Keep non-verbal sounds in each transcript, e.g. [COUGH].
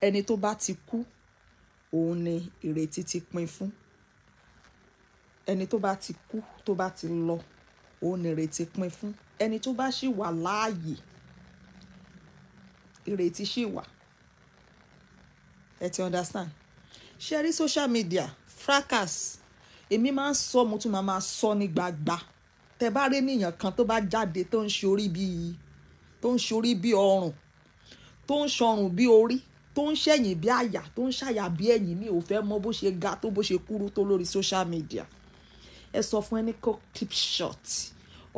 ẹni tó bá ti kú òun ni ìrètí ti pin fún ẹni tó bá ti kú tó bá ti lọ òun ni ìrètí pin fún ẹni tó bá ṣì wà láàyè ìrètí ṣì wà ẹ ti understand ṣe rí social media fracas èmi máa ń sọ mo tún máa máa sọ ní gbagba tẹ bá rí nìyàn kan tó bá jáde tó ń ṣorí bíi tó ń ṣorí bíi ọrùn tó ń ṣọrùn bíi orí tó ń ṣẹ̀yìn bí àyà tó ń ṣàyà bí ẹ̀yìn mi ò fẹ́ mọ bó ṣe ga tó bó ṣe kúrú tó lórí social media ẹ sọ fún ẹni kó keep short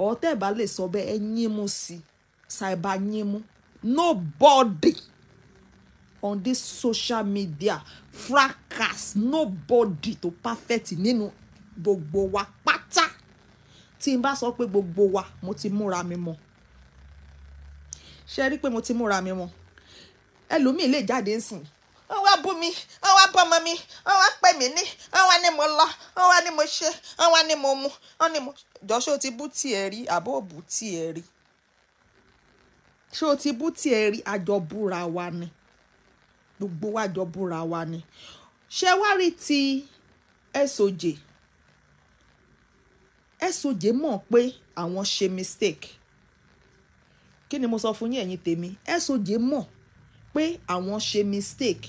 ọ̀ọ́tẹ̀ bá lè sọ bẹ́ẹ̀ ẹ yín mú sí i ṣàìbá yín mú nobody on this social media fracas nobody tó perfect nínú gbogbo wa pátá tí n bá sọ pé gbogbo wa mo ti múra mi mọ́ ṣe rí pé mo ti múra mi mọ́ ẹlòmíì lè jáde ń sìn wọ́n wá bú mi wọ́n wá bọ́mọ mi wọ́n wá pè mí ní wọ́n wá ní mo lọ wọ́n wá ní mo ṣe wọ́n wá ní mo mu wọ́n ní mo. jọ ṣé o ti bú tiẹ̀ rí àbó ò tiẹ̀ rí ṣé o ti bú tiẹ̀ rí àjọ búra wa ni gbogbo wa jọ búra wa ni ṣé wá rí ti SOJ SOJ mọ̀ pé àwọn ṣe mistake kí ni mo sọ fún yín ẹ̀yin tèmi SOJ mọ̀ pé àwọn ṣe mistake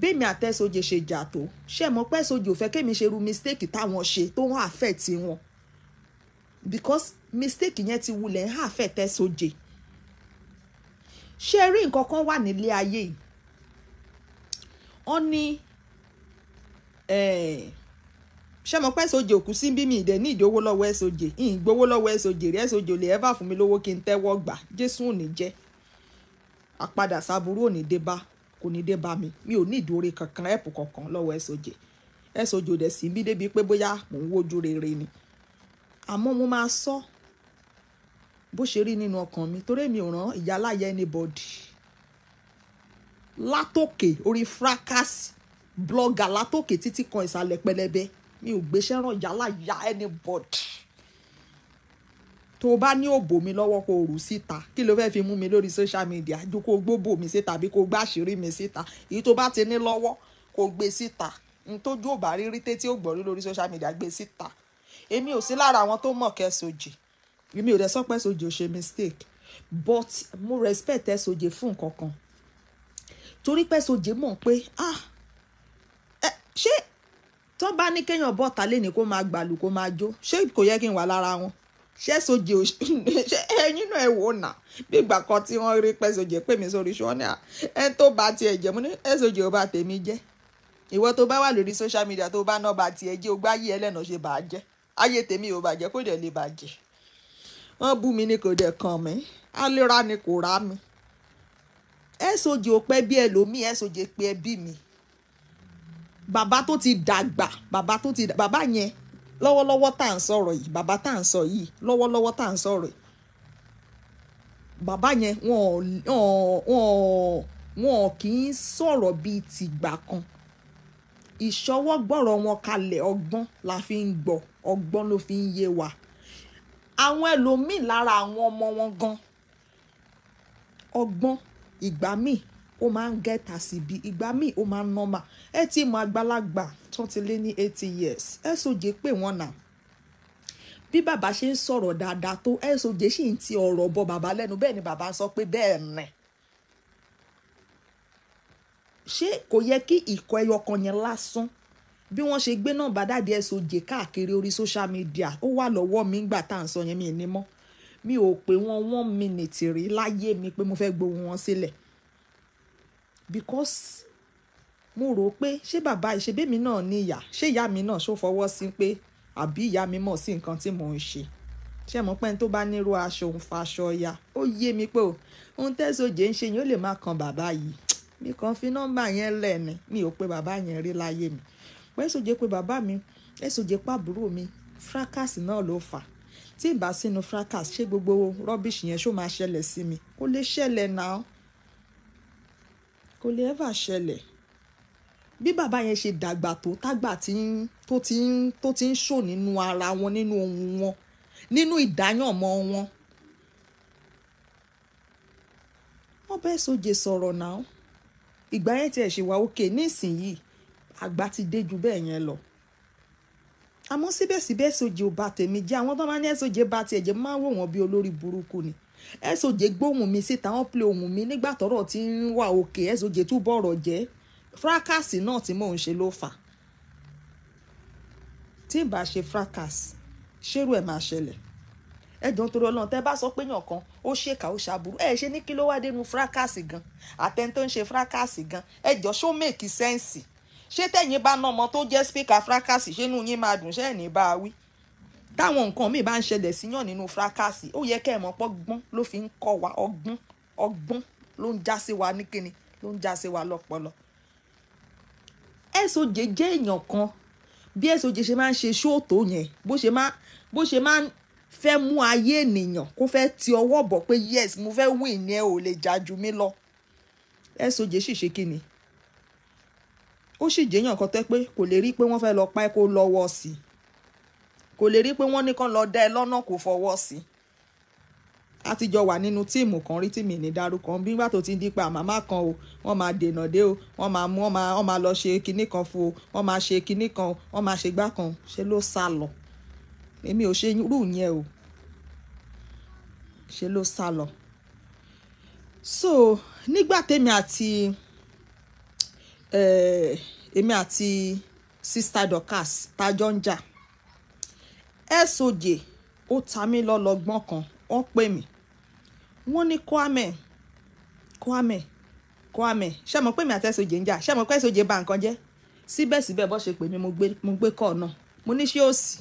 bẹ́ẹ̀mi àtẹ́sọ̀jẹ̀ ṣe jà tó ṣe mọ̀ pé ẹ̀sọ̀jẹ̀ ò fẹ́ kémi ṣe irú mistake táwọn ṣe tó ń àfẹ́ẹ̀tì wọn because mistake yẹn ti wulẹ̀ ń àfẹ́ẹ̀tẹ́sọ̀jẹ̀ ṣe rí nǹkan kan wà nílé ayé yìí wọ́n ní eh, ṣe mọ̀ pé ẹ̀sọ̀jẹ̀ òkú sí bí mi ìdẹ̀ ní ìdówó lọ́wọ́ ẹ̀sọ̀jẹ̀ ìgbówó lọ́wọ́ ẹ̀sọ̀jẹ̀ rí ẹ̀sọ̀jẹ̀ ò lè ẹ́ bá fún mi lówó kí n tẹ́wọ́ gbà Jésù ò ní jẹ́ àpadà sáburú ò ní dé bá kò ní dé bá mi mi ò ní ìdúró kankan ẹ̀pù kankan lọ́wọ́ ẹ̀sọ́jẹ ẹ̀sọ́jẹ ò dẹ̀ sí bí débi pé bóyá mò ń wojú rere ni àmọ́ mo máa sọ bó ṣe rí nínú ọkàn mi torí mi ò rán ìyáláyà anybody látòkè orí fracas blogger látòkè títí kan ìsàlẹ̀ pẹlẹbẹ mi ò gbéṣẹ́ ràn ìyáláyà anybody tó o bá ní òbò mi lọ́wọ́ kó o rù síta kí ló fẹ́ fi mú mi lórí social media ju kó o gbóbò mi síta àbí kó o gbá àṣírí mi síta èyí tó bá ti ní lọ́wọ́ kó o gbé síta n tójú ò bá rí rí tétí ò gbọ́rí lórí social media gbé síta èmi ò sí lára àwọn tó mọ̀ kẹ́sọ̀jì èmi ò dẹ̀ sọ pé Soji ò ṣe mistake but mo respect ẹ Soji fún nǹkan kan torí pé Soji mọ̀ pé ah ẹ ṣé tó bá ní kéèyàn bọ́ta lé ní kó máa gbàlù kó máa jó ṣé kò yẹ kí n wà lára wọn ṣẹ́sọ̀jẹ̀ [LAUGHS] ẹ̀yin náà ẹ̀ wò nà bí ìgbà kan tí wọ́n rí pẹ́sọ̀jẹ̀ pè mí sórí ṣọ́ọ́nà ẹ̀ tó bá tiẹ̀ jẹ́ mo ní ẹ̀sọ̀jẹ̀ ò bá tèmi jẹ́ ìwọ tó bá wà lórí social media tó bá náà bá tiẹ̀ jẹ́ o gbá yí ẹlẹ́nà ṣe bàá jẹ́ ayé tèmi ò bàjẹ́ kó dẹ̀ lè bàjẹ́ wọ́n bú mi ní kò dẹ̀ kàn mí aléra ni kò rá mi ẹ̀sọ̀jẹ̀ ò pẹ́ bí ẹlòmíì ẹ̀sọ̀jẹ̀ pé ẹbí mi bàbá tó ti dàgbà bàbá tó ti dàgbà bàbá yẹn lọ́wọ́lọ́wọ́ tá à ń sọ̀rọ̀ yìí bàbá tá à ń sọ yìí lọ́wọ́lọ́wọ́ tá à ń sọ̀rọ̀ yìí bàbá yẹn wọn kì í sọ̀rọ̀ bíi tìgbà kan ìṣọwọ́ gbọ́rọ̀ wọn kalẹ̀ ọgbọ́n la fi ń gbọ́ ọgbọ́n ló fi ń yé wa àwọn ẹlòmíì lára àwọn ọmọ wọn gan ọgbọ́n ìgbà míì ó máa ń gẹ́ta síbi ìgbà míì ó máa ń nọ́mà ẹ ti mọ àgbàlagbà tán ti lé ní eighty years Soj pè wọ́n nà bí bàbá ṣe ń sọ̀rọ̀ dáadáa tó Soj sì ń ti ọ̀rọ̀ bọ bàbá lẹ́nu bẹ́ẹ̀ ni bàbá sọ pé bẹ́ẹ̀ ni ṣé kò yẹ kí ìkọ̀ ẹyọ kan yẹn lásán bí wọ́n ṣe gbé náà bá dáàdi Soj káàkiri orí social media ó wà lọ́wọ́ mi ń gbà tá à ń sọ yẹn mi ní mọ́ mi ò pè wọ́n one minute rí láyé mi pé mo fẹ́ gbóhùn wọn sílẹ̀ because mo rò ó pé ṣé bàbá ìṣebémi náà ní ìyá ṣé ìyá mi náà ṣó fọwọ́ sí pé àbí ìyá mi mọ̀ sí nǹkan tí mò ń ṣe ṣé mo pẹ́ tó bá nírú aṣọ òun faṣọ ya ó yé mi pé o ohun tẹ́sọ̀jẹ̀ ń ṣe yín ó lè má kan bàbá yìí mi kàn fi nọ́mbà yẹn lẹ̀ ni mi ò pe bàbá yẹn rí láyé mi pé Ẹ̀sọ̀jẹ̀ pé bàbá mi Ẹ̀sọ̀jẹ̀ pàbúrò mi fracas náà ló fà tí ì sínú fracas ṣé gbogbo rubbish yẹn ṣó máa ṣẹlẹ̀ sí mi kò lè ṣẹlẹ̀ náà kò lè ever ṣẹlẹ̀ bí bàbá yẹn ṣe dàgbà tó tágbà tó ti ń tó ti ń ṣò nínú ara wọn nínú ohun wọn nínú ìdáyànmọ́ wọn. wọ́n bẹ́ẹ̀ sóje sọ̀rọ̀ náà ìgbà yẹn tiẹ̀ ṣe wá òkè nísìnyí àgbà ti dé ju bẹ́ẹ̀ yẹn lọ. àmọ́ síbẹ̀síbẹ̀ sóje ò bá tèmi jẹ́ àwọn tó máa ní ẹ̀sọ́je bá tiẹ̀ jẹ́ máa wò wọ́n bí olórí burúkú ni ẹ̀sọ́je gbóhùn mi síta wọ́n pè ohùn mi nígbà tọ́rọ̀ ti ń wà òkè ẹ̀sọ́je túbọ̀ ọ̀rọ̀ jẹ́ fracas náà tí mò ń ṣe ló fà tí n bá ṣe fracas ṣérú ẹ̀ máa ṣẹlẹ̀ ẹ̀dùn torí ọlọ́run tẹ́ bá sọ pé yàn kan ó ṣèkà ó ṣàbùrú ẹ̀ ṣe ní kí ló wá dénú fracas gan àtẹni tó ń ṣe fracas gan ẹ jọ ṣó mèkì sẹ́ǹsì ṣé tẹ̀yìn bá ná ọmọ tó jẹ́ spíkà fracas ṣé inú yín máa dùn ṣé ẹ̀ ní bá a wí táwọn nǹkan míì bá ń ṣẹlẹ̀ síyàn nínú fracas ó yẹ kẹ́ ẹ̀ mọ̀ pọ́gbọ́n ló fi ń kọ́ wa ọgbọ́n ọgbọ́n ló ń já sí wa ní kíni ló ń já sí wa lọ́pọlọ SOJ jẹ́ èèyàn kan bí SOJ ṣe máa ń ṣe ṣóòtó yẹn bó ṣe máa bó ṣe máa ń fẹ́ mú ayé ènìyàn kó fẹ́ ti ọwọ́ bọ̀ pé yes mo fẹ́ win ni ẹ ò lè jà jù mí lọ SOJ sì ṣe kí ni ó sì jẹ́yàn kan tẹ́ pé kò lè rí pé wọ́n fẹ́ lọ pa ẹ́ kó lọ́wọ́ sí i kò lè rí pé wọ́n ní kán lọ dá ẹ lọ́nà kó fọwọ́ sí i a ti jọ wà nínú tíìmù kan rí tíìmù ní dárúkọ nígbà tó ti ń dípa màmá kan o wọ́n máa dènà dé o wọ́n máa mú wọ́n máa lọ ṣe kinní kan fún o wọ́n máa ṣe kinní kan wọ́n máa ṣe gbá kan ṣe ló sá lọ èmi ò ṣe irú yẹn o ṣe ló sá lọ so nígbà tèmi àti èmi eh, àti sista Dorkas tajọ ń jà soj ó ta mí lọ́lọ́gbọ́n kan wọ́n pè mí wọ́n ní Kwame Kwame Kwame ṣé mo pé mi àti ẹ̀sọ́jẹ̀ ń jà ṣé mo pé ẹ̀sọ́jẹ̀ bà nǹkan jẹ́ síbẹ̀síbẹ̀ bó ṣe pè mí mo gbé kọ́ náà mo ní ṣé ó sì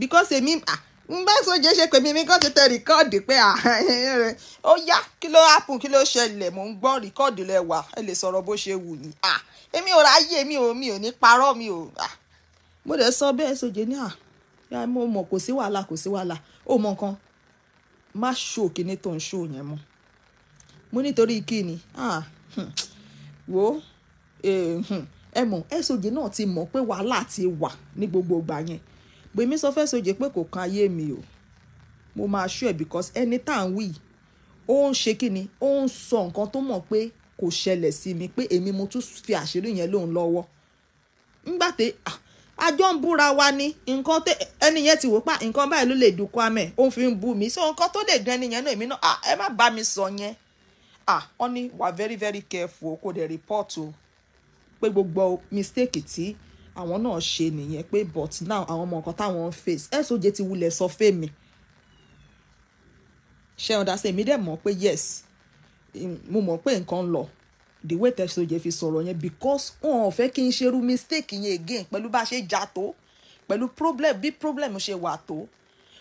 because èmi ń bá ẹ̀sọ́jẹ̀ ṣe pè mí mi kàn ti tẹ rìkọ́ọ̀dì pé ó yá kí ló happen kí ló ṣẹlẹ̀ mò ń gbọ́ rìkọ́ọ̀dì lẹ wà ẹ lè sọ̀rọ̀ bó ṣe wù yín èmi ò ráyè mi ò mi ò ní parọ́ mi ò mo dẹ̀ sọ bẹ́ẹ̀ ẹ̀sọ́jẹ̀ ní à mo mọ̀ kò sí wàhálà kò sí wàhálà ó mọ nǹkan má ṣó kíní tó ń ṣó yẹn mọ́ mo nítorí kíni ah, hmm. wo eh, ẹ mọ̀ ẹ̀sọ́jì náà ti mọ̀ pé wàhálà ti wà ní gbogbo ìgbà yẹn gbèmí sọ fẹ́ sọ́jì pé kò kan ayé mi o mo máa ṣú ẹ̀ because ẹni tá à ń wí ó ń ṣe kíni ó ń sọ nǹkan tó mọ̀ pé kò ṣẹlẹ̀ sí mi pé èmi mo tún fi àṣírí yẹn lóun lọ́wọ́ ńgbà ah àjọ ń búra wa ni nǹkan tẹ ẹni yẹn ti wò pa ah, nǹkan báyìí ló lè dùn Kwame òun fi ń bú mi so nǹkan tó lè dùn ẹni yẹn náà èmi náà ah, ẹ má bá mi sọ yẹn ah wọ́n ní wà very very careful kò dẹ̀ report o pé gbogbo mistake tí àwọn náà ṣe nìyẹn pé but now àwọn ọmọ nǹkan táwọn ń face soj ti wulẹ̀ sọ fẹ́mi ṣé ọ̀dà sẹ́mi dẹ̀ mọ̀ pé yes mo mọ̀ pé nǹkan ń lọ the way tẹ́sán jẹ́ fi sọ̀rọ̀ yẹn because wọn ò fẹ́ kí n ṣerú mistake yẹn again pẹ̀lú bá a ṣe jà tó pẹ̀lú problem bí problem ṣe wà tó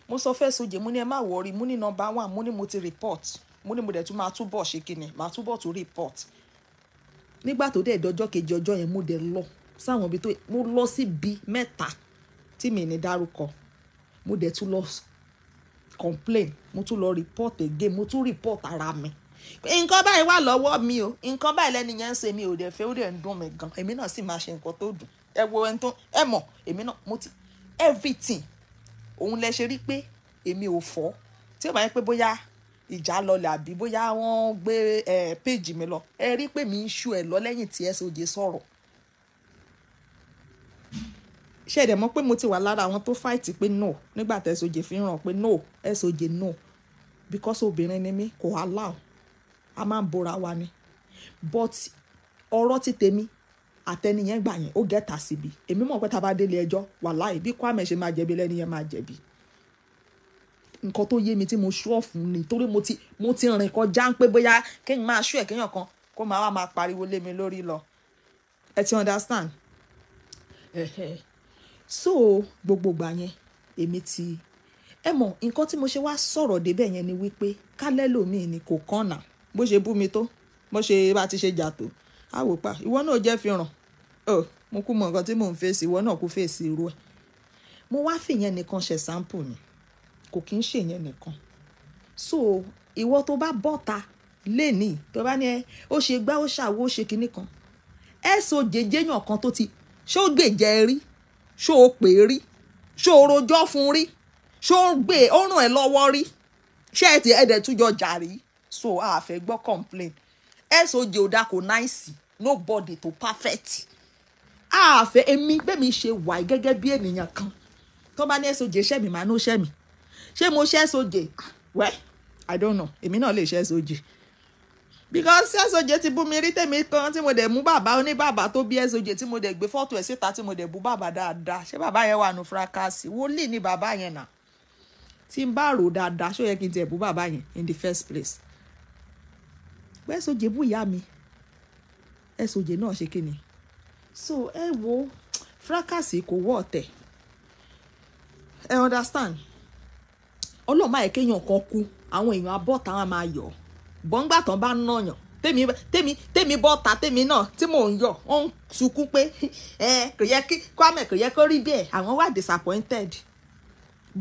mo sọ fẹ́ sojẹ́ mo ní ẹ má wọrí mo ní nọmba one mo ní mo ti report mo ní mo dẹ̀ tún máa túbọ̀ ṣe kíni máa túbọ̀ tún report nígbà tó dẹ̀ dọjọ́ kejì ọjọ́ yẹn mo dẹ̀ lọ sáwọn ibi tó mo lọ síbi mẹ́ta tí mi ní dárúkọ mo dẹ̀ tún lọ complain mo tún lọ report again mo tún report ara mi nǹkan báyìí wà lọ́wọ́ mi o nǹkan báyìí lẹ́ni yẹn ń ṣe mi ò dẹ̀ fẹ́ ó dẹ̀ ń dùn mí gan èmi náà sì máa ṣe nǹkan tó dùn ẹ wo ẹni tó ẹ mọ̀ èmi náà mo ti everything òun lẹ ṣe rí pé èmi ò fọ́ tí ó bá yẹ pé bóyá ìjà lọlẹ̀ àbí bóyá wọ́n gbé péjì mi lọ ẹ rí pé mi ń ṣu ẹ̀ lọ lẹ́yìn tí Soj sọ̀rọ̀ ṣe ẹ̀dẹ̀ mọ́ pé mo ti wà lára àwọn tó fáìtì pé no nígbà tí Soj fi ràn pé no Soj no because obìnrin ni mí kò allow a máa ń bora wa ni but ọ̀rọ̀ ti tèmi àtẹniyẹn gbà yẹn ó gẹ́ta síbi èmi mọ̀ pé tá a délé ẹjọ́ wàláì bí Kwame ṣe máa jẹ̀bi lẹ́ni yẹn máa jẹ̀bi nǹkan tó yé mi tí mo ṣú ọ̀fun ni torí mo ti mo ti rìn kọjá ń pé bóyá kí n máa ṣú ẹ̀ kéèyàn kan kó máa wá máa pariwo lé mi lórí lọ ẹ ti understand so gbogbo gbà yẹn èmi ti ẹ mọ̀ nǹkan tí mo ṣe wá sọ̀rọ̀ débẹ̀ yẹn ni wípé kálẹ́ lòmíì ni kò kàn bó ṣe bú mi tó bó ṣe bá ti ṣe jà tó á wò pa ìwọ náà jẹ́ fi ràn ọ mo kú mọ nǹkan tí mò ń fèsì ìwọ náà kú fèsì irú ẹ̀ mo wá fìyẹn nìkan ṣe sample ni kò kí ń ṣèyẹn nìkan so ìwọ tó bá bọ́ta lẹ́nìí tó bá ní ẹ ó ṣe gbá ó ṣàwó ó ṣe kinní kan ẹ so jẹjẹyàn kan tó ti ṣó gbèjẹ rí ṣó o pè rí ṣó o rojọ́ fún rí ṣó o gbé ó ràn ẹ́ lọ́wọ́ rí ṣé ẹ ti ẹ̀dẹ̀ túnjọ jà rí so a fẹ́ gbọ́ complain soj ọ̀dà kò nice. nobody to perfect a fẹ́ èmi bẹ́mi ṣe wà gẹ́gẹ́ bí ènìyàn kan tó bá ní soj ṣẹ́ mi màá ní ṣẹ́ mi ṣé mo ṣẹ́ soj well i don't know èmi náà lè ṣẹ́ soj because soj ti bú mi rí tèmi kan tí mo dẹ̀ mú bàbá oní bàbá tó bí soj tí mo dẹ̀ gbé fọ́tò ẹ̀ síta tí mo dẹ̀ bú bàbá dáadáa ṣé bàbá yẹn wà nù fracasi wòlíì ni bàbá yẹn náà tí n bá rò dáadáa ṣó yẹ kí n tiẹ̀ bú bàbá yẹn in the first place pé ẹ̀sọ̀jẹ̀ bú ìyá mi ẹ̀sọ̀jẹ̀ náà ṣe kí ni so ẹ eh wo fracas kò wọ́ ọ̀tẹ̀ ẹ understand ọlọ́run máa yẹ kéèyàn kan kú àwọn èèyàn abọ́ta wọn máa yọ̀ bọ́ngbà tán bá nàyàn tèmi tèmi tèmi bọ́ta tèmi náà tí mò ń yọ̀ ó ń sunkún pé [LAUGHS] ẹ kò kí Kwame kò kó rí bẹ́ẹ̀ àwọn wà disappointed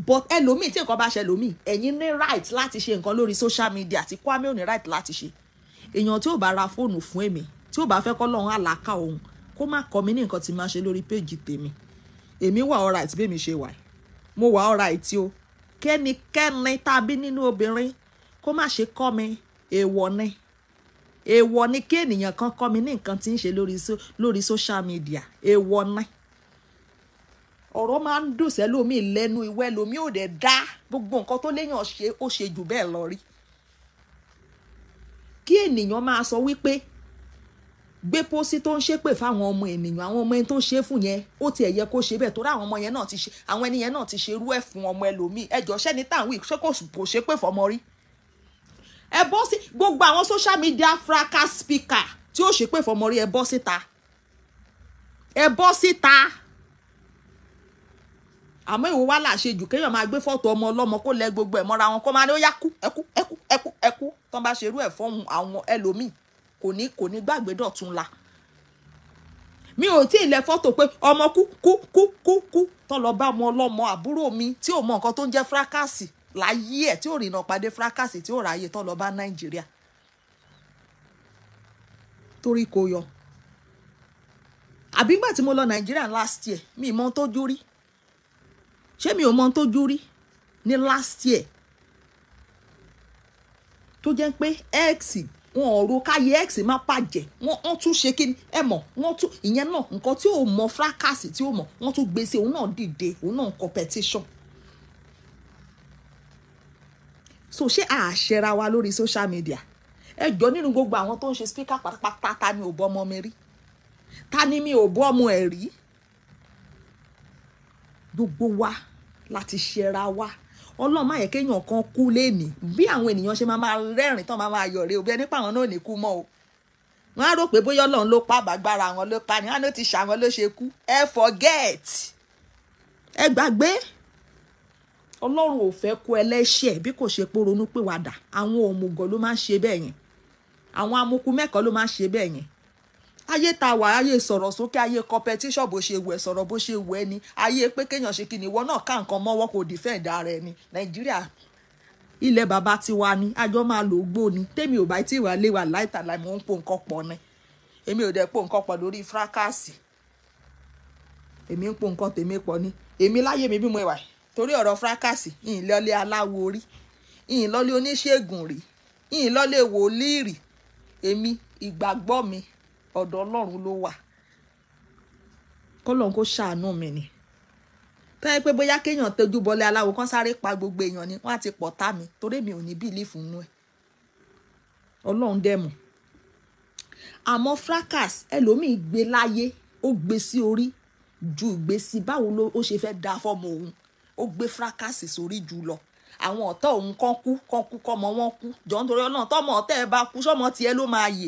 but ẹlòmíì tí nǹkan bá ṣẹlòmíì ẹ̀yin ní right láti ṣe nǹkan lórí social media tí Kwame ò ní right láti ṣe èèyàn tí ò bá ra fóònù fún èmi tí ò bá fẹ́ kọ́ lọ́run àlàkà òun kó má kọ́ mi ní nǹkan tí máa ṣe lórí péjì tèmi èmi wà ọ̀rà àti bẹ́ẹ̀ mi ṣe wà mo wà ọ̀rà àti o kẹ́nikẹ́ni tàbí nínú obìnrin kó má ṣe kọ́ mi èèwọ̀ ni èèwọ̀ ni kí ènìyàn kan kọ́ mi ní nǹkan tí ń ṣe lórí social media èèwọ̀ ni ọ̀rọ̀ máa ń dùn sẹ́lómi lẹ́nu ìwẹ́ lomi ò dẹ̀ dá gbogbo nǹkan tó léyàn ṣe ó ṣe jù bẹ́ẹ̀ lọ rí kí ènìyàn máa sọ wípé gbé pósí tó ń ṣépè fáwọn ọmọ ènìyàn àwọn ọmọ ẹni tó ń ṣe é fún yẹn ó tiẹ̀ yẹ kó ṣe bẹ́ẹ̀ torí àwọn ọmọ yẹn náà ti ṣe àwọn ẹni yẹn náà ti ṣe irú ẹ̀ fún ọmọ ẹlòmíì ẹjọ́ ṣẹ́ni táwọn ìṣe kò kò ṣépè fọmọ rí. ẹ bọ́ sí gbogbo àwọn social media fracas speaker tí ó ṣépè fọmọ rí ẹ bọ́ síta ẹ bọ́ síta àmọ́ ìwọ wá làṣejù kéèyàn máa gbé fọ́tò ọmọ ọlọ́mọ kó lẹ gbogbo ẹ̀ mọ́ra wọn kó máa ní ó yá kú ẹkú ẹkú ẹkú ẹkú tán bá ṣerú ẹ̀ fọ́hun àwọn ẹlòmíì kò ní kò ní gbàgbé dọ̀tun la mi ò tí ì lẹ fọ́tò pé ọmọ kú kú kú kú kú tán lọ bá ọmọ ọlọ́mọ àbúrò mi tí ò mọ nǹkan tó ń jẹ́ fúrákàsì láyé ẹ̀ tí ò rìnnà pàdé fúrákàsì tí ò ráyè tán lọ bá Nàìjíríà torí kò yọ àbígbà tí mo lọ Nàìjíríà last year mi ì mọ tó jú ṣé mi ò mọ tójú rí ní last year tó jẹ́ pé x wọn ò ro káyé x má pàjẹ́ wọ́n tún ṣe kí ẹ mọ̀ wọ́n tún ìyẹn náà nǹkan tí ò mọ fracas tí ò mọ̀ wọ́n tún gbèsè òun náà dìde òun náà competition so ṣé àṣẹra wa lórí social media ẹ jọ nínú gbogbo àwọn tó ń ṣe speaker pátápátá ta ni ò bọ́ ọmọ mi rí ta ni mi ò bọ́ ọmọ ẹ̀ rí gbogbo wa láti ṣẹra wa ọlọ́run má yẹ kéèyàn kan kú lémi bí àwọn ènìyàn ṣe máa máa rẹ́rìn tán máa máa yọ̀rẹ́ òbí ẹni pàwọn náà ní kú mọ́ o wọ́n á rò pé bóyá ọlọ́run ló pa àbágbára àwọn ló pa ni wọ́n á ló ti ṣàwọn ló ṣe kú ẹ forget ẹ gbàgbé ọlọ́run ò fẹ́ kú ẹlẹ́ṣẹ̀ bí kò ṣe pé ronú pìwàdà àwọn òmùgọ̀ ló máa ń ṣe bẹ́ẹ̀ yẹn àwọn amukú mẹ́kọ̀ọ́ ló máa ń ṣe bẹ́ẹ̀ yẹn ayé tá a wà ayé sọ̀rọ̀ sókè ayé competition bó ṣe wù ẹ́ sọ̀rọ̀ bó ṣe wù ni ayé pé kéèyàn ṣe kí ni ìwọ náà ká nǹkan mọ́wọ́ kò defend ara ẹni nàìjíríà ilẹ̀ bàbá tiwa ni àjọ máa lò ó gbó ni tèmi ò bá tí wàá lé wa láìta láì mò ń po nǹkan pọ̀ ni èmi ò dẹ̀ po nǹkan pọ̀ lórí fracasi èmi ń po nǹkan tèmi pọ̀ ni èmi láyé mi bí mo wà torí ọ̀rọ̀ fracasi ìlọlé aláwo rí ìlọlé oníṣègùn rí ìlọlé wòlíì rí èmi ìgbàgbọ́ mi ọ̀dọ̀ ọlọ́run ló wà kọ́lọ́n kó ṣàánú mi ni tó yẹ pé bóyá kéèyàn tẹjú bọlé aláwo kan sáré pa gbogbo èèyàn ni wọ́n á ti pọ̀ tá mi torí mi ò ní bílífù nú ẹ̀ ọlọ́run dẹ̀mù àmọ́ fracas ẹlòmíì gbé láyé ó gbé sí orí ju ìgbé sí báwo ló ó ṣe fẹ́ da fọ́mọ òun ó gbé fracas sórí jù lọ àwọn ọ̀tọ̀ òun kán kú kán kú kọ́mọ wọn kú jọ̀ọ́ nítorí ọlọ́run tọ́mọ ọ̀tẹ̀ ẹ bá kú sọ́mọ tiẹ̀ ló máa yè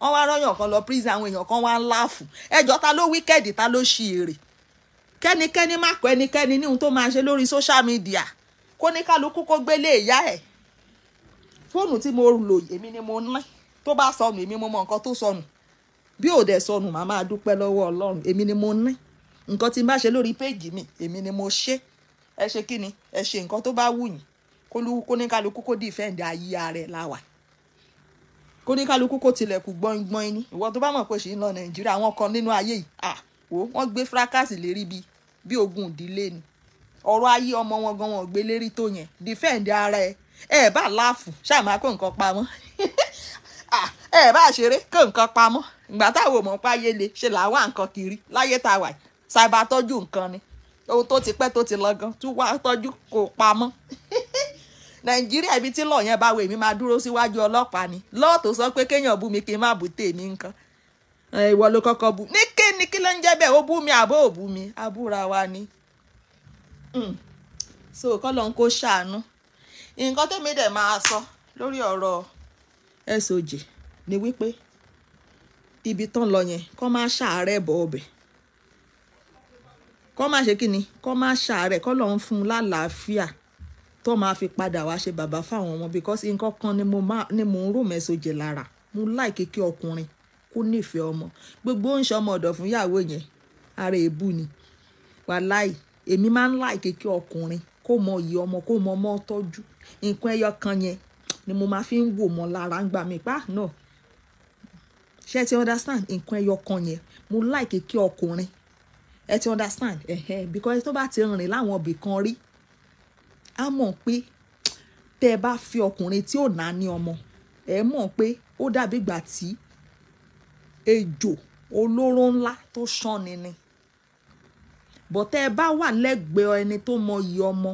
wọ́n wá rọ́yàn kan lọ prison àwọn èèyàn kan wá ń láàfù ẹjọ́ ta ló wíkẹ́ẹ̀dì ta ló ṣi èrè kẹ́nikẹ́ni má kọ́ ẹnikẹ́ni ní ohun tó máa ṣe lórí social media kó ní kálukú kó gbélé ìyá ẹ̀ fóònù tí mo lò èmi ni mo ná tó bá sọnù èmi mo mọ nǹkan tó sọnù bí ò dẹ̀ sọnù màá máa dúpẹ́ lọ́wọ́ ọlọ́run èmi ni mo ní nǹkan tí n bá ṣe lórí péèjì mi èmi ni mo ṣe ẹ ṣe kí ni ẹ ṣe nǹkan tó bá wù yín kó ní kálukú kó dìfẹ́ǹdì ayé ara ẹ̀ láwàá kó ní kálukú kó tilẹ̀kùn gbọ̀ngbọ̀n ni ìwọ tó bá mọ̀ pé ṣì ń lọ nàìjíríà àwọn kan nínú ayé yìí à wò wọ́n gbé fracas lérí bí bí ogun ìdílé ni ọ̀rọ̀ ayé ọmọ wọn gan wọn gbé lérí tó yẹn defend ara ẹ ẹ bá láàfù ṣáà máa kó nǹkan pamọ́ [LAUGHS] ẹ bá ṣeré kó nǹkan pamọ́ ìgbà táwọn ọmọ páyé le ṣe làwọn nǹkan kiri láyé tá a wà ṣàìbá tọ́jú nǹkan ni ohun tó ti pẹ́ tó ti lọ gan tún wá tọ́jú kó pamọ́ [LAUGHS] nàìjíríà ibi tí lọ́ọ̀ yẹn bá wo èmi máa dúró síwájú ọlọ́pàá ni lọ́ọ̀ tó sọ pé kéèyàn bú mi kí n má bú tèmi nǹkan ìwọ ló kọ́kọ́ bú ní kí ni kí ló ń jẹ́ bẹ́ẹ̀ ó bú mi àbó ò bú mi abúra ni hmm. so kọ́ ló ń kó ṣàánú nǹkan tèmi dẹ̀ máa sọ lórí ọ̀rọ̀ SOJ ni wípé ibi tán lọ yẹn kọ́ máa ṣàárẹ̀ bọ̀ ọbẹ̀ kọ́ máa tó máa fi padà wá ṣe bàbá fáwọn ọmọ because nǹkan kan ni mo ni mo ń rò mẹ́sọ̀jẹ̀ lára mo láìkí kí ọkùnrin kó nífẹ̀ẹ́ ọmọ gbogbo ń ṣọmọ ọ̀dọ̀ fún ìyàwó yẹn ara èébú ni wàláì èmi máa ń láìkí kí ọkùnrin kó mọ iye ọmọ kó mọ ọmọ tọ́jú nǹkan ẹyọ kan yẹn ni mo máa fi ń wò mọ́ lára ń gbà mí pa ah, náà ṣé ẹ ti understand nǹkan ẹyọ kan yẹn mo láìkí kí ọkùnrin ẹ ti understand because tó bá ti rìn láwọn ibì kan rí A mọ̀ pé tẹ́ ẹ bá fi ọkùnrin tí ò náà ní ọmọ ẹ mọ̀ pé ó dàbí ìgbà tí ejò olóró ńlá tó ṣánni ni bọ̀tẹ́ ẹ bá wà lẹ́gbẹ̀ẹ́ ẹni tó mọ iyì ọmọ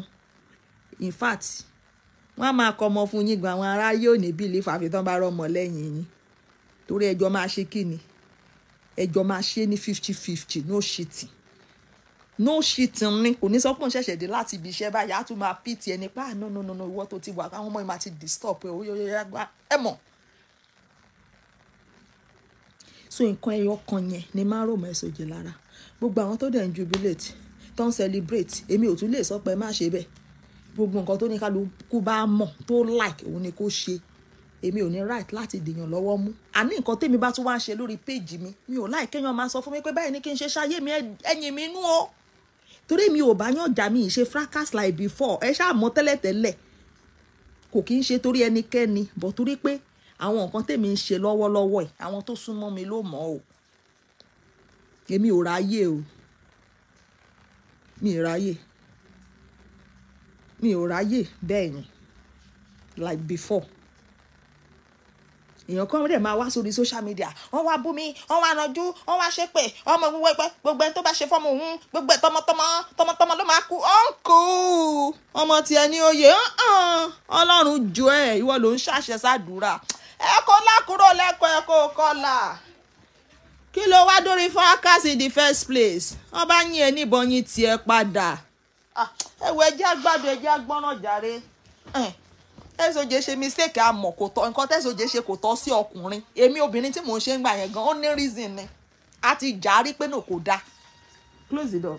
in fact wọ́n á máa kọ́ ọmọ fún yín gan àwọn aráyé ò ní bílíf àfi tán bá rọmọ lẹ́yìn yín torí ẹjọ́ máa ṣe kí ni ẹjọ́ máa ṣe ní fifty fifty no shitting no shitting ni kò ní sọ pé òun ṣẹ̀ṣẹ̀ dé láti ibi iṣẹ́ báyìí á tún máa pìtì ẹni pa ah, no no no no ìwọ tó ti wà àwọn ọmọ yìí máa ti disturb ẹ oyeyeye ẹ mọ̀ so nǹkan ẹyọ kan yẹn ni máa ń rò mọ́ ẹ̀sọ́ jẹ lára gbogbo àwọn tó dẹ̀ ń jubilate tó ń celebrate èmi ò tún lè sọ pé má ṣe bẹ́ẹ̀ gbogbo nǹkan tó ní kálukú bá mọ̀ tó like òun ni kó ṣe èmi ò ní right láti dèèyàn lọ́wọ́ mú àní nǹkan tèmi bá tún wá ṣe lórí péèjì mi mi ò like kéèyàn máa sọ fún mi pé báyìí ni kí n ṣe ṣáyé mi ẹ̀yìn mi nú o torí mi ò bá yàn jà mi ṣe fracas like before ẹ ṣáà mọ̀ tẹ́lẹ̀tẹ́lẹ̀ kò kí ń ṣe torí ẹnikẹ́ni bọ̀ torí pé àwọn nǹkan tèmi ń ṣe lọ́wọ́lọ́wọ́ ẹ̀ àwọn tó súnmọ́ mi ló mọ̀ o èmi ò ráyè o mi ò ráyè mi ò ráyè bẹ́ẹ̀ yẹn like before èèyàn kan rẹ̀ máa wá sórí social media wọ́n wá bú mi wọ́n wá ranjú wọ́n wá ṣépè ọmọ ìwúwo ẹgbẹ́ gbogbo ẹni tó bá ṣe fọ́mọ òun gbogbo ẹ̀ tọmọtọmọ tọmọtọmọ ló máa kú ọ̀nkù ọmọ tiẹ̀ ní oyè ọlọ́run ju ẹ̀ ìwọ ló ń ṣàṣẹ sádùúrà ẹ kó lákúrò lẹ́kọ̀ọ́ ẹ kó kọ́là kí ló wá dórí fracas in the first place wọ́n bá yín ẹ níbọn yín tiẹ̀ padà ẹ̀wọ̀ ah, ẹ̀jẹ̀ àgbàdo ẹ̀jẹ̀ àgbọ́nà jàre. Eh, tẹ́sọ̀jẹ̀ ṣe mistake àmọ̀ kò tọ́ nǹkan tẹ́sọ̀jẹ̀ ṣe kò tọ́ sí ọkùnrin èmi obìnrin tí mò ń ṣe ń gbà yẹn gan ó ní reason ni a ti jàárí pé náà kò dáa close the door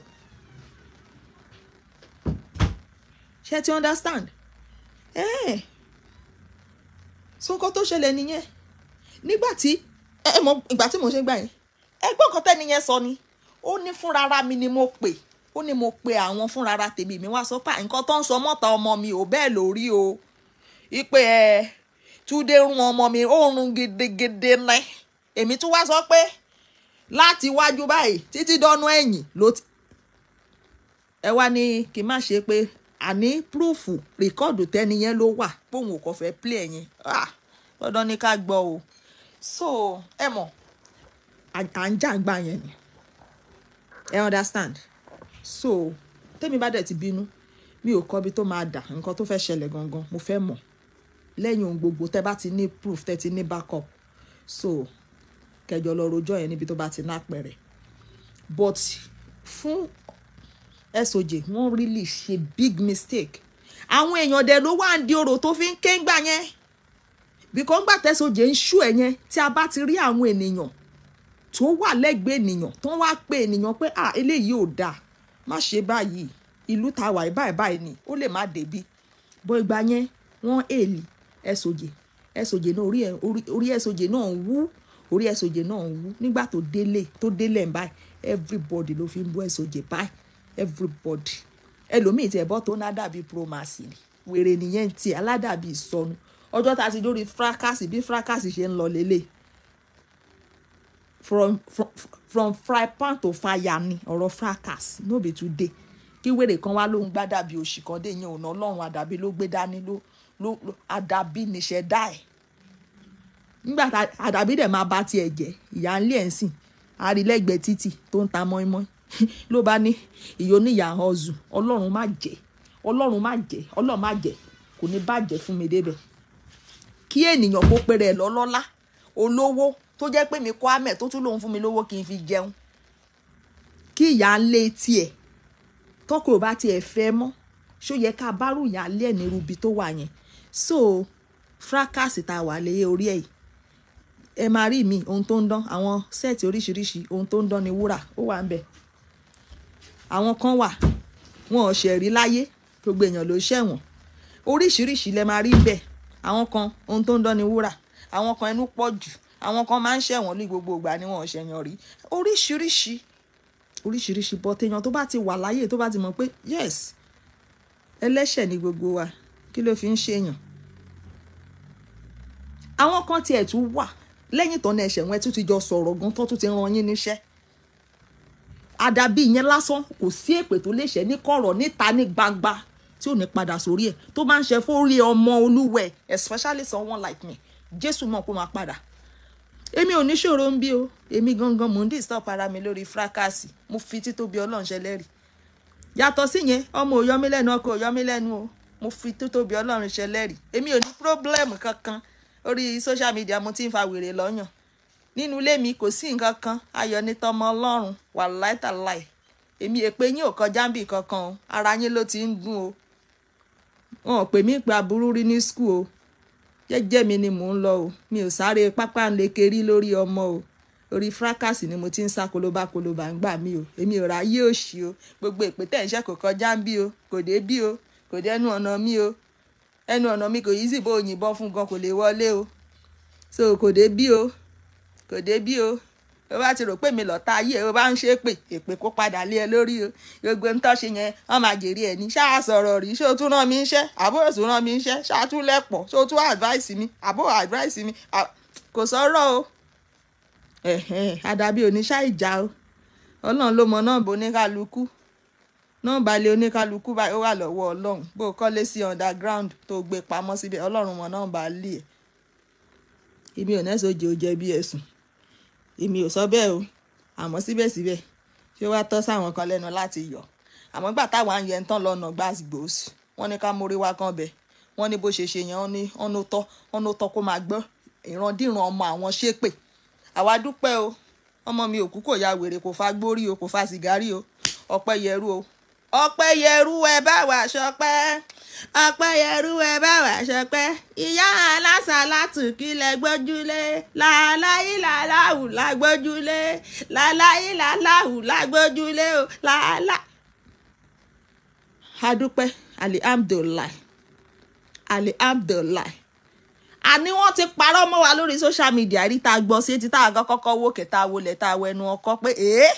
ṣé ti understand eh. so nǹkan tó ṣẹlẹ̀ nìyẹn nígbà tí ẹ mọ ìgbà tí mò ń ṣe ń gbà yẹn ẹgbọ́n nǹkan tẹ́ni yẹn sọ ni ó ní fúnrara mi ni mo pè ó ní mo pe àwọn fúnrara tèmi mi wá sọ pé nǹkan tó ń sọ mọ́ta ọmọ mi ò bẹ́ẹ̀ lórí o ipe ẹ túndé rún ọmọ mi ó rún gedegede ní èmi tún wá sọ pé láti wájú báyìí títí dọ́nú ẹ̀yìn ló ti ẹ wá ní kí n má ṣe pé àní púrúfù rìkọ́ọ̀dù tẹ́ni yẹn ló wà póun ò kọ́ fẹ́ plé ẹ̀yìn lọ́dọ̀ ní ká gbọ́ o so ẹ mọ̀ à ń jàǹgbà yẹn ni ẹ understand so tẹ́mi bá dẹ̀ ti bínú mi ò kọ́ ibi tó máa dà nǹkan tó fẹ́ ṣẹlẹ̀ gangan mo fẹ́ mọ̀ lẹ́yìn ohun gbogbo tẹ́ bá ti ní proof tẹ́ ti ní backup so kẹjọ lọ rojọ́ yẹn níbi tó bá ti ná pẹ̀rẹ̀ but fún SOJ wọ́n really ṣe big mistake àwọn èèyàn dẹ̀ ló wá ń di ọ̀rọ̀ tó fi ń kéńgbà yẹn bìkọ́ ńgbà tí SOJ ń ṣú ẹ̀ yẹn tí a bá ti rí àwọn ènìyàn tó wà lẹ́gbẹ̀ẹ́ ènìyàn tó wá pé ènìyàn pé à eléyìí ò dáa má ṣe báyìí ìlú ta wà báyìí báyìí ni ó lè má débi bó ìgbà yẹn wọ́n èlì ẹ̀sọ̀jẹ̀ ẹ̀sọ̀jẹ̀ náà orí ẹ̀sọ̀jẹ̀ náà ń wú orí ẹ̀sọ̀jẹ̀ náà ń wú nígbà tó délé tó délé ń báyìí everybody ló fi ń bú ẹ̀sọ̀jẹ̀ báyìí everybody ẹlòmíì tí ẹ̀bọ́ tó ná dàbí promasi ni wèrè nìyẹn ti aládàbí ìsọnù ọjọ́ tá a ti dórí fracasi bí fracasi ṣe ń lọ lélẹ̀ from from from fry pan to fire ni ọ̀rọ̀ fracasi no be today kí wèrè kan wá ló ń gbá dàbí òṣì kan dé yẹn ọ̀nà ọlọ́run àdàbí ló gbé dání ló àdàbí nìṣẹ̀dá ẹ̀ nígbà tá àdàbí dẹ̀ máa bá tiẹ̀ jẹ́ ìyá ńlẹ̀ ẹ̀ ń sìn àrílẹ́gbẹ̀ẹ́ títì tó ń ta mọ́ínmọ́ín [LAUGHS] ló bá ní ìyó níyà ọ̀zù ọlọ́run má jẹ́ ọlọ́run má jẹ́ ọlọ́run má jẹ́ kò ní bàjẹ́ fún mi débẹ̀ kí ènìyàn kó péré ẹ̀ lọ́lọ́lá olówó tó jẹ́ pé mi kọ́ àmẹ́ tó tún lòun fún mi lówó kí n fi jẹun kí ìyá ńlé tiẹ̀ tọkọ bá tiẹ̀ fẹ́ mọ́ ṣó yẹ ká bárù ìyá ńlé ẹ̀ nírú ibi tó wà yẹn so fracas tá a wà lé orí ẹ̀ ẹ máa rí mi ohun tó ń dán àwọn sẹ́ẹ̀tì oríṣiríṣi ohun tó ń dán ni wúrà ó wà ń bẹ̀ àwọn kan wà wọn ò ṣẹ̀ rí láyé gbogbo èèyàn ló ṣẹ̀wọ̀n oríṣiríṣi lẹ máa rí bẹ́ẹ̀ àwọn kan ohun tó ń dán ni wúrà àwọn kan ẹnu pọ̀ jù àwọn kan máa ń ṣẹ̀wọ̀n ní gbogbo ìgbà ni wọn ò ṣẹ̀yàn rí oríṣiríṣi oríṣiríṣi bọ́ tó bá ti wà láyé tó bá ti mọ̀ pé yes ẹlẹ́ṣẹ̀ ni gbogbo wa kí ló fi ń ṣèyàn àwọn kan tiẹ̀ tún wà lẹ́yìn tán náà ẹ̀ṣẹ̀ wọn ẹ tún ti jọ sọ̀rọ̀ gan tán tún ti ran yín níṣẹ́ àdàbí ìyẹn lásán kò sí èpè tó lè ṣẹ́ ní kọ̀rọ̀ níta ní gbangba tí ò ní padà sórí ẹ̀ tó máa ń ṣe fórí ọmọ olúwẹ̀ especially someone like me jésù mọ̀ kó máa padà èmi ò ní ṣòro ń bí o èmi gangan mò ń disturb ara mi lórí fracasi mo fi títóbi ọlọ́run ṣẹlẹ́rì yàtọ̀ síyẹn ọmọ ò yọmí lẹ́nu ọkọ ò yọmí lẹ́nu o mo fi títóbi ọlọ́run ṣẹlẹ́rìí èmi ò ní pírọ́blẹ́mù kankan orí social media mo ti ń fa wèrè lọ́yàn nínú ilé mi kò sí nǹkan kan ayọ̀ ní tọmọ ọlọ́run wà láìtàláì èmi èpè yín ò kọjá bì kankan o ara yín ló ti ń dùn o wọn ò pè mí pé aburú rí ní skul o jẹ́jẹ́ mi ni mò ń lọ o mi ò sáré pápá ńlẹkẹrí lórí ọmọ o orí fracasi ni mo ti ń sá koloba koloba ń gbà mí o èmi ò ráyé òṣì o gbogbo èpè tẹ̀ ń ṣe kò kọjá ń bí o kò dé bí o kò dẹnu ọ̀nà mi o ẹnu ọ̀nà mi kò yí sí bó yìnbọn fún gan kò lè wọlé o so kò dé bí o kò dé bí o o bá ti rò pé mi lọ́ta ayé o bá ń ṣe pé èpè kó padà lé ẹ lórí o gbogbo ń tọ́ṣe yẹn wọ́n máa jèrè ẹ̀ ní ṣáà sọ̀rọ̀ rí ṣé o tún rán mi ń ṣẹ́ àbúrò tún rán mi ń ṣẹ́ ṣáà tún lẹ́pọ̀ ṣé tún advice mi àbúrò advice mi kò sọ̀rọ̀ o àdàbí oníṣà ìjà o ọlọ́run ló mọ náà bo ní kálukú nọ́mbà ilé oníkálukú báyìí ó wà lọ́wọ́ ọlọ́run bó o kọ́lé sí underground tó gbé pamọ́ síbẹ̀ ọlọ́run mọ nọ́mbà ilé ẹ̀ èmi ò nẹ́sọ̀ jẹ́ o jẹ̀bi ẹ̀sùn èmi ò sọ bẹ́ẹ̀ o àmọ́ síbẹ̀síbẹ̀ ṣé wàá tọ́ sáwọn kan lẹ́nu láti yọ̀ àmọ́ gbà táwa ń yẹ ń tán lọ́nà gbàgbòsì wọ́n ní ká mórí wá kan bẹ̀ wọ́n ní bó ṣe ṣe yẹn ní ọ̀nà tọ́ kó máa gbọ́ ìrandíran ọmọ àwọn ṣépè àwa dúpẹ́ o ọmọ mi òkú kò ya wèrè kò fa gbórí o kò fa sìgárì o ọ̀pẹ yẹrú o ọ̀pẹ̀yẹrú ẹ bá wa ṣọpẹ́ ọ̀pẹ̀yẹrú ẹ bá wa ṣọpẹ́ ìyá alásàlátù kí lẹ gbójúlé làláìlàláhù la gbójúlé làláìlàláhù la gbójúlé o làlá. adúpẹ́ alihamdulilayi alihamdulilayi àní wọ́n ti parọ́ mọ́ wa lórí social media rí tá a gbọ́ sí etí tá a kọ́kọ́ wo kẹta wo lẹ̀ tá a wẹnu ọkọ pé èé. Eh?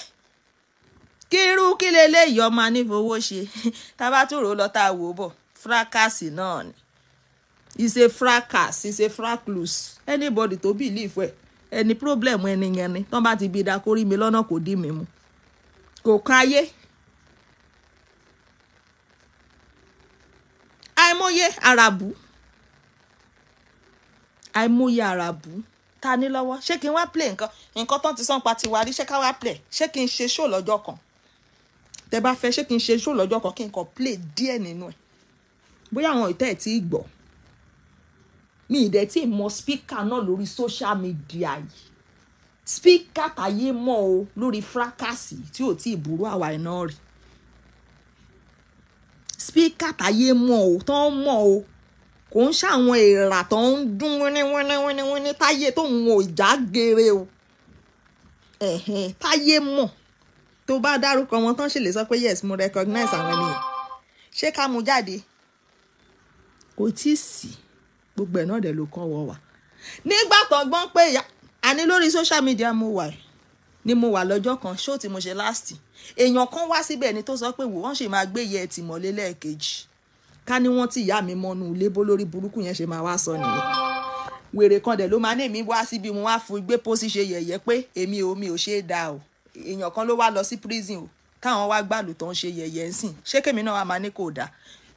kírú kí leléyìí ọmọ anífowó ṣe [LAUGHS] tá a bá tún rò ó a wò bọ̀ fracasi náà ni is fracas is a fraclus anybody tó believe ẹ ẹni problem ẹni yẹn ni tán bá ti bí da kó rí mi lọ́nà kò dí mi mú kò káyé àìmọye àràbù àìmọye àràbù ta ní lọ́wọ́ ṣé kí n wá play nǹkan nǹkan tán ti sọ́npa ti wá ṣé ká wá play ṣé kí n ṣe show lọ́jọ́ kan tẹ bá fẹ́ ṣé kí n ṣe ṣó lọ́jọ́ kan kí n kàn play díẹ̀ nínú ẹ̀ bóyá àwọn ìtẹ́ ẹ̀ tí ì gbọ́ mi ì dẹ̀ tí ì mọ spíkà náà lórí social media yìí spíkà tàyé mọ́ o lórí fúrákàsì tí ò tí ì burú àwa ẹ̀ náà rí spíkà tàyé mọ́ o tán mọ́ o kò ń ṣàwọn èèrà tó ń dún wíníwíníwíní táyé tóun ò já geere o táyé mọ̀ tó bá dárúkọ wọn tán ṣe lè sọ pé yes mo recognize àwọn ènìyàn ṣé ká mú jáde kò tí ì sí gbogbo ẹ̀ náà dẹ̀ ló kàn wọ́ wa nígbà tó gbọ́n pé àní lórí social media mo wà ni mo wà lọ́jọ́ kan ṣó tí mo ṣe last èèyàn kan wá síbẹ̀ ni tó sọ pé wò wọ́n ṣe máa gbé iye ẹ̀tì mọ́lé lẹ́ẹ̀kejì ká ní wọ́n ti ìyá mi mọ́nu ilé bó lórí burúkú yẹn ṣe máa wá sọ nìyẹn wèrè kan dẹ̀ ló máa ní èmi wá síbi mo wá fún gbé pósí ṣe yẹ̀yẹ́ pé èmi ò mi ò ṣe é dáa o èèyàn kan ló wá lọ sí prison o táwọn wá gbàlù tó ń ṣe yẹ̀yẹ́ ń sìn ṣé kèmí náà máa ní kò dáa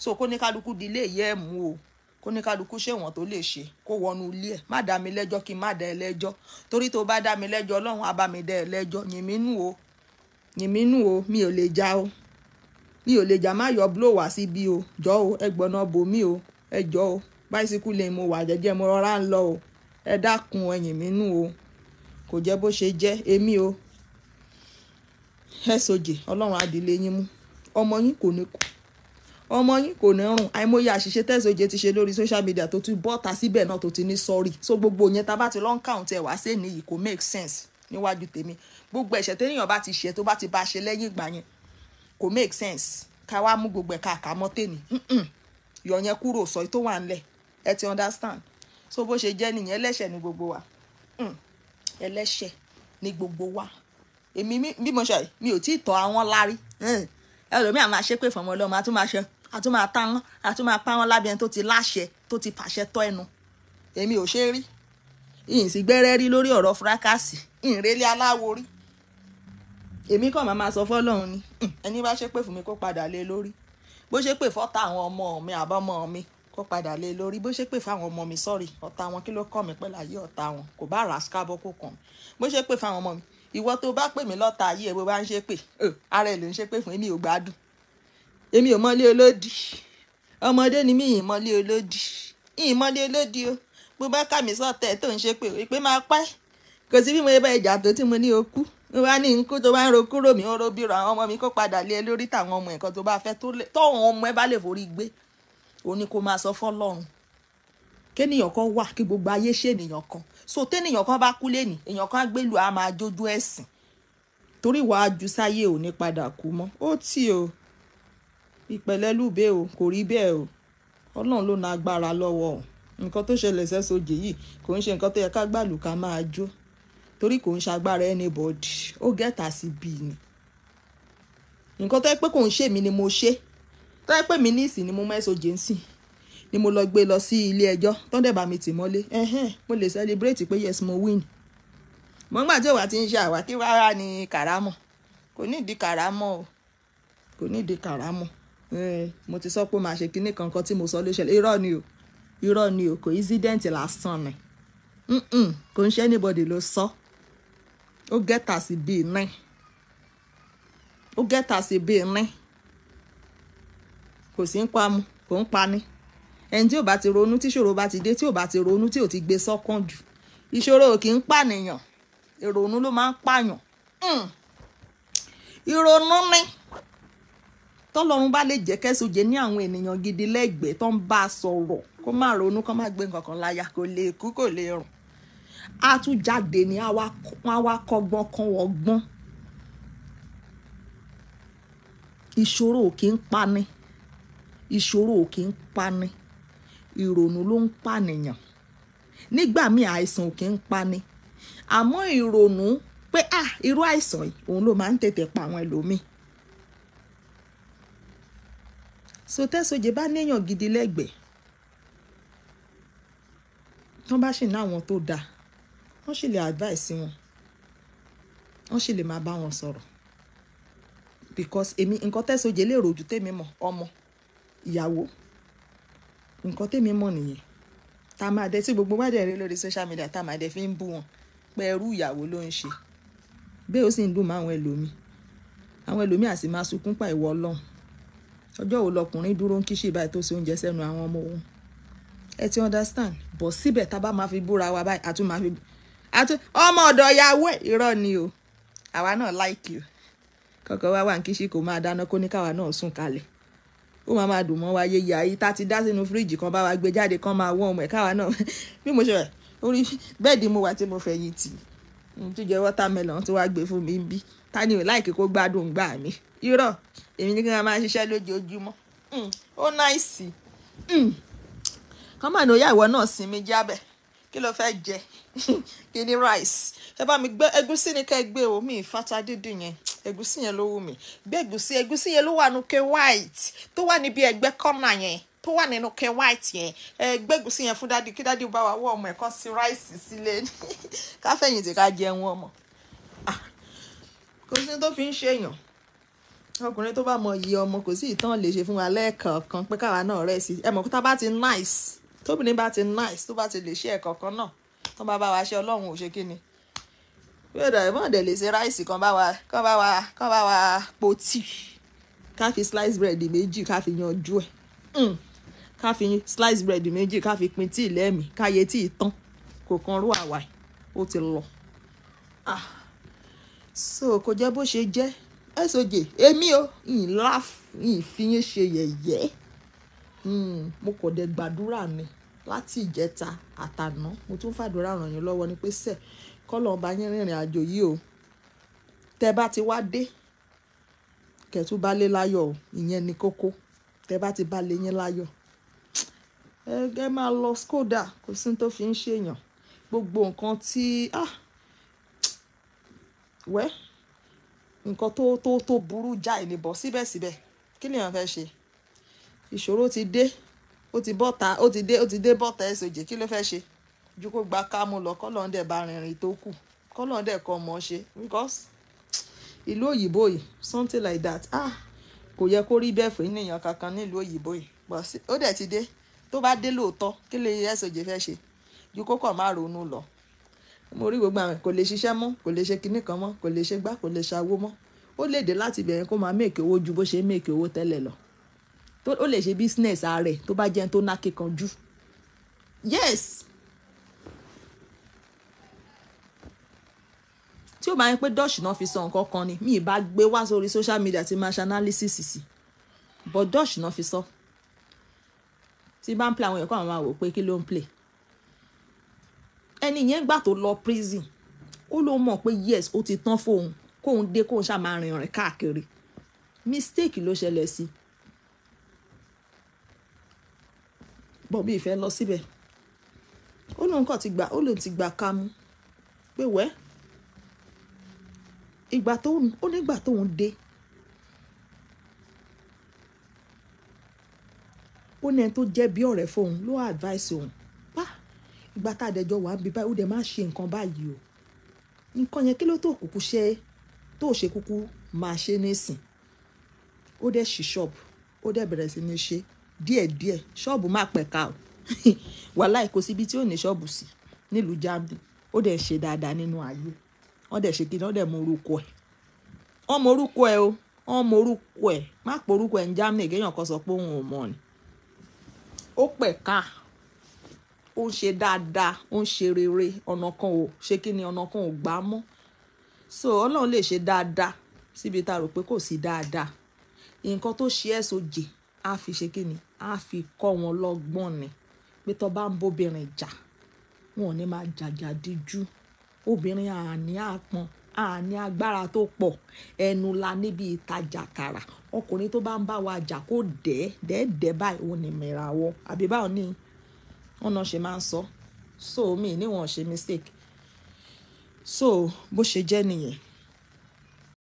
so kó ní kálukú di ilé ìyẹ́ ẹ̀ mú o kó ní kálukú ṣèwọ̀n tó lè ṣe kó wọnú ilé ẹ̀ má dá mi lẹ́jọ́ kí n má dá ẹ lẹ́jọ́ torí tó bá dá mi lẹ́jọ́ ọlọ́run á bá mi dá ẹ lẹ́jọ́ yìn o yìn o mi ò lè já o mi ò lè já má yọ blow wá síbi o jọ o ẹ gbọ́nà bò mí o ẹ jọ o báísíkù lè mo wà jẹ́jẹ́ mo rọra ń lọ o ẹ dákun ẹ̀yìn mí nù o kò jẹ́ bó ṣe jẹ́ èmi o soj ọlọ́run adìlẹ̀ yín mú ọmọ yín kò ní kú ọmọ yín kò ní rùn àìmọye àṣìṣe tẹ́sọ̀jẹ ti ṣe lórí social media tó ti bọ́ta síbẹ̀ náà tó ti ní sọ́ọ̀rì so gbogbo yẹn tá a bá ti lọ́n káùntì ẹ̀ wá sí èyí kò make sense níwájú tèmi gbogbo ẹ̀ṣẹ̀ téèyàn bá ti ṣe tó bá ti bá ṣe lẹ́yìn ìgbà yẹn kò make sense ká wá mú gbogbo ẹ̀ káàká mọ́ tèmi yọ yẹn kúrò sọ tó wà ńlẹ̀ ẹ ti understand so bó ṣe jẹ́ nìyẹn ẹlẹ́ṣẹ̀ ni gbogbo wa mm. ẹlẹ́ṣẹ̀ ni gbogbo wa èmi bí mo ṣe mi ò tí ì tọ́ àwọn lárí ẹlòmíà máa ṣépè fún ọmọ ọlọ́mọ àtúmáṣe àtúmá ta wọn àtúmá pa wọn lábẹ́ ẹni tó ti láṣẹ tó ti fàṣẹ tọ́ ẹnu èmi ò ṣe rí ìyìn sì gbẹ́rẹ́ rí lórí ọ̀rọ̀ fúrákàsì ìrẹ́lẹ̀ aláwo rí èmi kàn máa sọ fọ́lọ́run ni ẹni bá ṣe pé fún mi kó padà lé lórí bó ṣe pé fọ́tà àwọn ọmọ mi àbọ́mọ mi kó padà lé lórí bó ṣe pé fáwọn ọmọ mi sọ́ọ̀rì ọ̀tá wọn kí ló kọ́ mi pẹ̀lú ayé ọ̀tá wọn kò bá ràṣkábọ́ kó kàn mí bó ṣe pé fáwọn ọmọ mi ìwọ tó bá pè mí lọ́ta ayé ẹ̀ bó bá ń ṣe pè ara ẹ̀ ló ń ṣe pè fún èmi ò gbádùn èmi ò mọlé olódì ọmọdé ni mí ì mọlé olódì ì mọlé olódì o bó bá kà mí sọ̀tẹ̀ tó ń ṣe pè é pé máa pẹ́ kò sí bí mo bá ìjà tó tí mo ní o kú mo bá ní nkú tó bá ń ro kúrò mí ó ro bírò àwọn ọmọ mi kó padà lé e lórí tàwọn ọmọ ẹ̀kan tó bá fẹ́ tọ́wọn ọmọ ẹ bá lè forí gbé òun ni kó máa sọ fọ́lọ́run kéèyàn kan wà kí gbogbo ayé ṣènìyàn kan so téèyàn kan bá kú lẹ́nì èèyàn kan gbélu a máa jójú ẹ̀sìn torí wàá ju sáyé ò ní padà kú mọ́ ó tì o ìpẹ̀lẹ́lúbẹ̀ o kò rí bẹ́ẹ̀ o ọlọ́run ló na agbára lọ́wọ́ o nǹkan tó ṣẹlẹ̀ sẹ́sọ̀jì yìí kò ń ṣe nǹkan tó yẹ ká gbàlù ká máa jó torí kò ń ṣagbára anybody ó gẹ́ta sí bí ni nǹkan tó yẹ pé kò ń ṣèmi ni mo ṣe tó yẹ pé mi ní ìsìn ni mo mẹ́sọ̀jì ń sìn ni mo lọ gbé lọ sí ilé ẹjọ́ tó ń dẹ̀ bá mi tì mọ́lé mo lè celebrate pé yes mo win mo ń gbà tí òwà ti ń ṣe àwà kí wàá rà ní kàrámọ̀ kò ní ìdí kàrámọ̀ o kò ní ìdí kàrámọ̀ mo ti sọ pé màá ṣe kinní kankan tí mo sọ ló ṣẹlẹ̀ irọ́ ni o irọ́ ni o kò incident lásán ni kò ń ṣe anybody ló sọ ó gẹ́tà sí bíi nine ó gẹ́tà sí bíi nine kò sí ń pa mu kò ń pa ni ẹni tí ò bá ti ronú tí ìṣòro bá ti dé tí ò bá ti ronú tí ò ti gbé sọ́kàn jù ìṣòro ò kì í pànìyàn ìrònú ló máa ń pààyàn hmm. ìrònú ni tọ́lọ́run bá lè jẹ́ kẹ́sọ̀jẹ́ ní àwọn ènìyàn gidi lẹ́gbẹ̀ẹ́ tó ń bá a sọ̀rọ̀ kó má ronú kó má gbé nǹkankan láyà kó lè kú kó lè rùn a tún jáde ní awakọgbọ́n kan ọgbọ́n ìṣòro ò kì í pani ìṣòro ò kì í pani ìrònú ló ń pànìyàn nígbà míì àìsàn ò kì í pani àmọ́ ìrònú pé ah irú àìsàn yìí òun ló máa ń tètè pa àwọn ẹlòmíì sotẹ́sọjẹ bá níyàn gidi lẹ́gbẹ̀ẹ́ tán bá sì ní àwọn tó dáa wọ́n sì lè advice wọn wọ́n sì lè máa bá wọn sọ̀rọ̀ because èmi nǹkan tẹ́sọjẹ lè rojú tèmi mọ̀ ọmọ ìyàwó nǹkan tèmi mọ̀ nìyẹn tá a máa dẹ tí gbogbo wádẹ rẹ lórí social media tá a máa dẹ fi ń bú wọn pé ẹrú ìyàwó ló ń ṣe bẹ́ẹ̀ ó sì ń dùn mọ́ àwọn ẹlòmíì àwọn ẹlòmíì àti máa sunkún pa ìwọ ọlọ́run ọjọ́ wo lọkùnrin dúró ń kíṣì báyìí tó ṣe oúnjẹ sẹ́nu àwọn ọmọ òun ẹ ti understand bọ̀ síbẹ̀ tá a bá máa fi búra wa báyìí àtún máa fi ọmọ ọ̀dọ̀ yàwó irọ́ ni o àwa náà like you kọ̀ọ̀kan wá wà ń kíṣì kò máa dáná kó ní káwa náà sùn kalẹ̀ ó máa máa dùn mọ́ wa yeye àyè tá a ti dá sínú fíríjì kan bá wa gbé jáde kan máa wọ́n ọmọ ẹ̀ káwa náà [LAUGHS] bí mo ṣe rẹ̀ orí bẹ́ẹ̀dì mo wà tí mo fẹ̀yìn tì tó jẹ́ watermelon tó wá gbé fún mi bí ta ni ò láìkí kó gbádùn gbà mí irọ́ èmi ní kí wọ́n máa ṣiṣẹ́ lójoojúmọ́ hmm, ó náìsì hmm. kọ́mọ̀ ní oyá ìwọ náà sinmi jábẹ̀ kí ló fẹ́ jẹ [LAUGHS] kí ni rice ẹ bá mi gbé ẹ̀gúsí ni ká ẹ gbé omi ìfata dídì yẹn ẹ̀gúsí yẹn ló wù mí gbé ẹ̀gúsí ẹ̀gúsí yẹn ló wà nù ké white tó wà níbi ẹ̀gbẹ́ kọ́nà yẹn tó wà nínú ké white yẹn ẹ̀gbẹ́ ẹ̀gúsí yẹn fún dádì kí dádì bá wa wọ ọmọ ẹ̀ kan sí ráìsì sílé ní [LAUGHS] káfẹ́yìntì ká jẹun ọmọ ah, kò sí tó fi ń ṣèyàn ọkùnrin tó bá mọ iye ọmọ kò sí ìtàn lè ṣe fún wa lẹ́ẹ̀kọ̀ọ̀kan pé káwa náà rẹ̀ sí ẹ mọ̀ kó tá bá ti nice tóbìnrin bá ti nice tó bá ti lè ṣe ẹ̀kọ̀ọ̀kan náà tó bá bá wa ṣe ọlọ́run ò ṣe kí ni yóò ìbọn eh, dẹ̀ lè ṣe ráìsì kan bá wa kan bá wa kan bá wa po tíì ká fi slice bread méjì ká fi yanjú ẹ̀ hmm. ká fi slice bread méjì ká fi pin tíì lẹ́mìí ká yẹ tíì tán kò kan rú àwa ẹ̀ ó ti lọ. Ah. so kò jẹ́ bó ṣe jẹ́ soj èmi o ìlà ìfiyín ṣe yẹ̀yẹ́ hmm. mo kò dé gbàdúrà mi láti ìjẹta àtàná mo tún fàdúrà ràn yín lọ́wọ́ ni pé sẹ́ẹ̀ kọ́lọ̀ bá yín rìnrìn àjò yìí o tẹ́ bá ti wá dé kẹ̀tù bá lé láyọ̀ o ìyẹn ni kókó tẹ́ bá ti bá lé yín láyọ̀ ẹ máa lọ skoda kò sí tó fi ń ṣèyàn gbogbo nǹkan tí ah wẹ́ nǹkan tó tó tó burú jáì ní bọ̀ síbẹ̀síbẹ̀ kí lèèyàn fẹ́ ṣe ìṣòro ti dé ó ti bọ́ta ó ti dé ó ti dé bọ́ta ẹ̀sọ̀jẹ̀ kí ló fẹ́ ṣe ju kó gba kámú lọ kọ́lọ́n dẹ̀ bá rìnrìn tó kù kọ́lọ́n dẹ̀ kọ́ ọmọ ṣe because ìlú òyìnbó yìí something like that ah kò yẹ kó rí bẹ́ẹ̀ fún ènìyàn kankan nílùú òyìnbó yìí but ó dẹ̀ ti dé tó bá dé lóòótọ́ kí lè SOJ fẹ́ ṣe ju kó kàn máa ronú lọ mo rí gbogbo àwọn kò lè ṣiṣẹ́ mọ́ kò lè ṣe kinní kan mọ́ kò lè ṣe gbá kò lè ṣàwó mọ́ ó lè dé láti ibẹ̀rẹ̀ kó máa mèkè owó ju bó ṣe mèkè owó tẹ́lẹ̀ lọ ó lè ṣe business ààrẹ tó bá jẹun tó ná kíkanjú yes tí ó bá yẹn pé Dutch náà fi sọ nǹkan kan ni mi ì bá gbé wá sórí social media ti máa ṣe analysis sí but Dutch náà fi sọ tí bá ń play àwọn ẹ̀kọ́ àwọn máa wò pé kí ló ń play ẹni yẹn gbà tó lọ prison ó ló mọ̀ pé yes ó ti tán fóun kóun dé kóun ṣáà máa rìn rìn káàkiri mistake ló ṣẹlẹ̀ sí bọ̀bí ìfẹ́ lọ síbẹ̀ ó lóun kàn ti gbà ó lóun ti gbà kámú pé wẹ́ẹ́ ìgbà tó ó nígbà tóun dé ó ní ẹni tó jẹ́ bí ọ̀rẹ́ fóun ló advice òun pa ìgbà tá a dẹjọ́ wà á bí báyìí ó dẹ̀ máa ṣe nǹkan báyìí o nǹkan yẹn kí ló tó kúkú ṣe tó ṣe kúkú máa ṣe nísìn ó dẹ̀ ṣí ṣọ́ọ̀bù ó dẹ̀ bẹ̀rẹ̀ sí ní ṣe díẹ̀díẹ̀ ṣọ́ọ̀bù máa pẹ̀ka o [LAUGHS] wàhálà kò síbi tí ò ní ṣọ́ọ̀bù sí nílùú Germany ó dẹ̀ ṣe dáadáa nínú ayé wọ́n dẹ̀ ṣe kí ni wọ́n dẹ̀ mọ orúkọ ẹ̀ wọ́n mọ orúkọ ẹ̀ o wọ́n mọ orúkọ ẹ̀ má pọ̀ orúkọ ẹ̀ ní Germany kéèyàn kan sọ pé òun ò mọ̀ ni ó pẹ̀ka ó ń ṣe dáadáa ó ń ṣe rere ọ̀nà kan ò ṣe kí ni ọ̀nà kan ò gbá mọ́ so ọlọ́run lè ṣe dáadáa síbi tá a rò pé kò sí dáadáa nǹkan tó ṣe ẹ́ sojè á fi ṣe kí ni á fi kọ́ wọn lọ́gbọ́n ni pé tó bá ń bóbìnrin jà wọn ò ní máa jàjà díjú obìnrin àní àpọn àní agbára tó pọ̀ ẹnu la níbi ìtajàkàrà ọkùnrin tó bá ń bá wa jà kó dẹ́ dẹ́ẹ́dẹ́ báyìí òun ni mìràwọ̀ àbí báwọn ní wọn ṣe máa ń sọ so mi níwọ̀n ṣe mistake so bó ṣe jẹ́ nìyẹn.